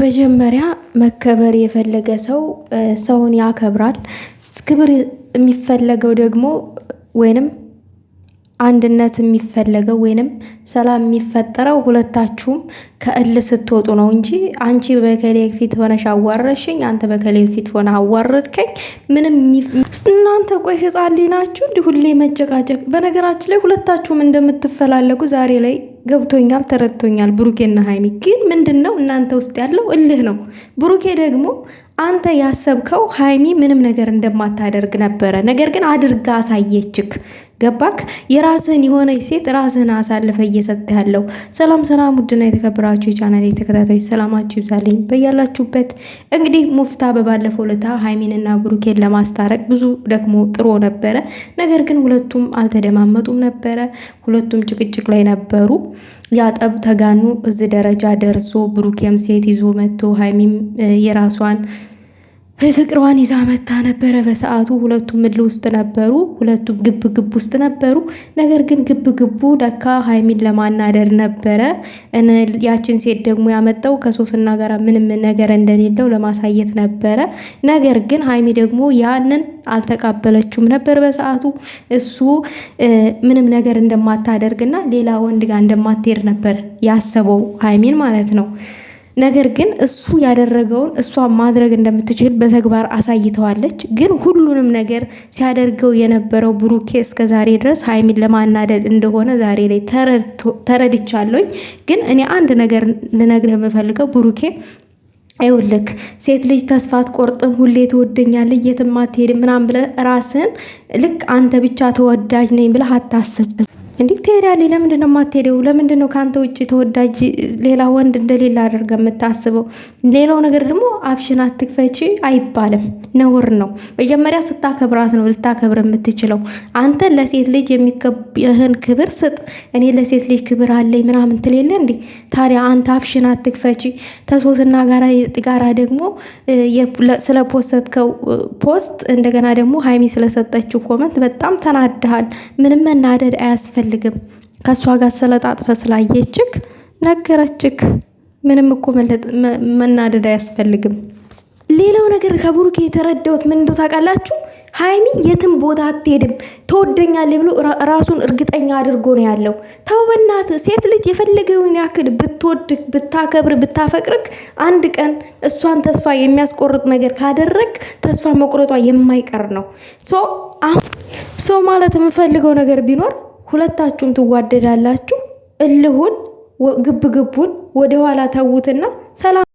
መጀመሪያ መከበር የፈለገ ሰው ሰውን ያከብራል። ክብር የሚፈለገው ደግሞ ወይንም አንድነት የሚፈለገው ወይንም ሰላም የሚፈጠረው ሁለታችሁም ከእል ስትወጡ ነው እንጂ አንቺ በከሌ ፊት ሆነሽ አዋረሽኝ፣ አንተ በከሌ ፊት ሆነ አዋረድከኝ። ምንም እናንተ ቆይ ህፃሌ ናችሁ እንዲ ሁሌ መጨቃጨቅ። በነገራችን ላይ ሁለታችሁም እንደምትፈላለጉ ዛሬ ላይ ገብቶኛል፣ ተረድቶኛል። ብሩኬና ሀይሚ ግን ምንድን ነው እናንተ ውስጥ ያለው እልህ ነው። ብሩኬ ደግሞ አንተ ያሰብከው ሀይሚ ምንም ነገር እንደማታደርግ ነበረ። ነገር ግን አድርጋ አሳየችክ። ገባክ? የራስህን የሆነ ሴት ራስህን አሳልፈ እየሰጠ ያለው። ሰላም ሰላም፣ ውድና የተከበራችሁ የቻናል የተከታታዮች ሰላማችሁ ይብዛልኝ በያላችሁበት። እንግዲህ ሙፍታ በባለፈው ለታ ሀይሚንና ብሩኬን ለማስታረቅ ብዙ ደግሞ ጥሮ ነበረ። ነገር ግን ሁለቱም አልተደማመጡም ነበረ። ሁለቱም ጭቅጭቅ ላይ ነበሩ። ያጠብ ተጋኑ እዚህ ደረጃ ደርሶ ብሩኬም ሴት ይዞ መጥቶ ሀይሚም የራሷን ፍቅሯን ይዛ መታ ነበረ። በሰዓቱ ሁለቱም ምድል ውስጥ ነበሩ። ሁለቱም ግብ ግብ ውስጥ ነበሩ። ነገር ግን ግብ ግቡ ለካ ሀይሚን ለማናደር ነበረ። ያችን ሴት ደግሞ ያመጣው ከሶስና ጋር ምንም ነገር እንደሌለው ለማሳየት ነበረ። ነገር ግን ሀይሚ ደግሞ ያንን አልተቃበለችውም ነበር በሰዓቱ እሱ ምንም ነገር እንደማታደርግና ሌላ ወንድ ጋር እንደማትሄድ ነበር ያሰበው ሀይሚን ማለት ነው። ነገር ግን እሱ ያደረገውን እሷ ማድረግ እንደምትችል በተግባር አሳይተዋለች። ግን ሁሉንም ነገር ሲያደርገው የነበረው ብሩኬ እስከ ዛሬ ድረስ ሀይሚን ለማናደድ እንደሆነ ዛሬ ላይ ተረድቻለኝ። ግን እኔ አንድ ነገር ልነግርህ የምፈልገው ብሩኬ አይውልክ ሴት ልጅ ተስፋ ቆርጥም ሁሌ ትወደኛለህ፣ የትም አትሄድም ምናምን ብለህ ራስህን ልክ አንተ ብቻ ተወዳጅ ነኝ ብለህ አታስብ። እንዲህ ትሄዳለች። ለምንድን ነው የማትሄደው? ለምንድን ነው ከአንተ ውጭ ተወዳጅ ሌላ ወንድ እንደሌላ አድርገ የምታስበው? ሌላው ነገር ደግሞ አፍሽን አትክፈቺ አይባልም፣ ነውር ነው። መጀመሪያ ስታከብራት ነው ልታከብር የምትችለው። አንተ ለሴት ልጅ የሚገባህን ክብር ስጥ። እኔ ለሴት ልጅ ክብር አለኝ ምናምን ትሌለ እንዴ? ታዲያ አንተ አፍሽን አትክፈቺ። ተሶስና ጋራ ደግሞ ስለፖሰትከው ፖስት እንደገና ደግሞ ሀይሚ ስለሰጠችው ኮመንት በጣም ተናድሃል። ምንም መናደድ አያስፈ አትፈልግም። ከእሷ ጋር ስለጣጥፈ ስላየችክ ነገረችክ። ምንም እኮ መናደድ አያስፈልግም። ሌላው ነገር ከብሩኬ የተረዳሁት ምን እንደው ታውቃላችሁ፣ ሀይሚ የትም ቦታ አትሄድም ተወደኛል ብሎ ራሱን እርግጠኛ አድርጎ ነው ያለው። ተው ሴት ልጅ የፈለገውን ያክል ብትወድክ፣ ብታከብር፣ ብታፈቅርክ አንድ ቀን እሷን ተስፋ የሚያስቆርጥ ነገር ካደረግ ተስፋ መቁረጧ የማይቀር ነው። ሶ ማለት የምፈልገው ነገር ቢኖር ሁለታችሁም ትዋደዳላችሁ። እልሁን ግብግቡን ወደኋላ ተዉትና ሰላም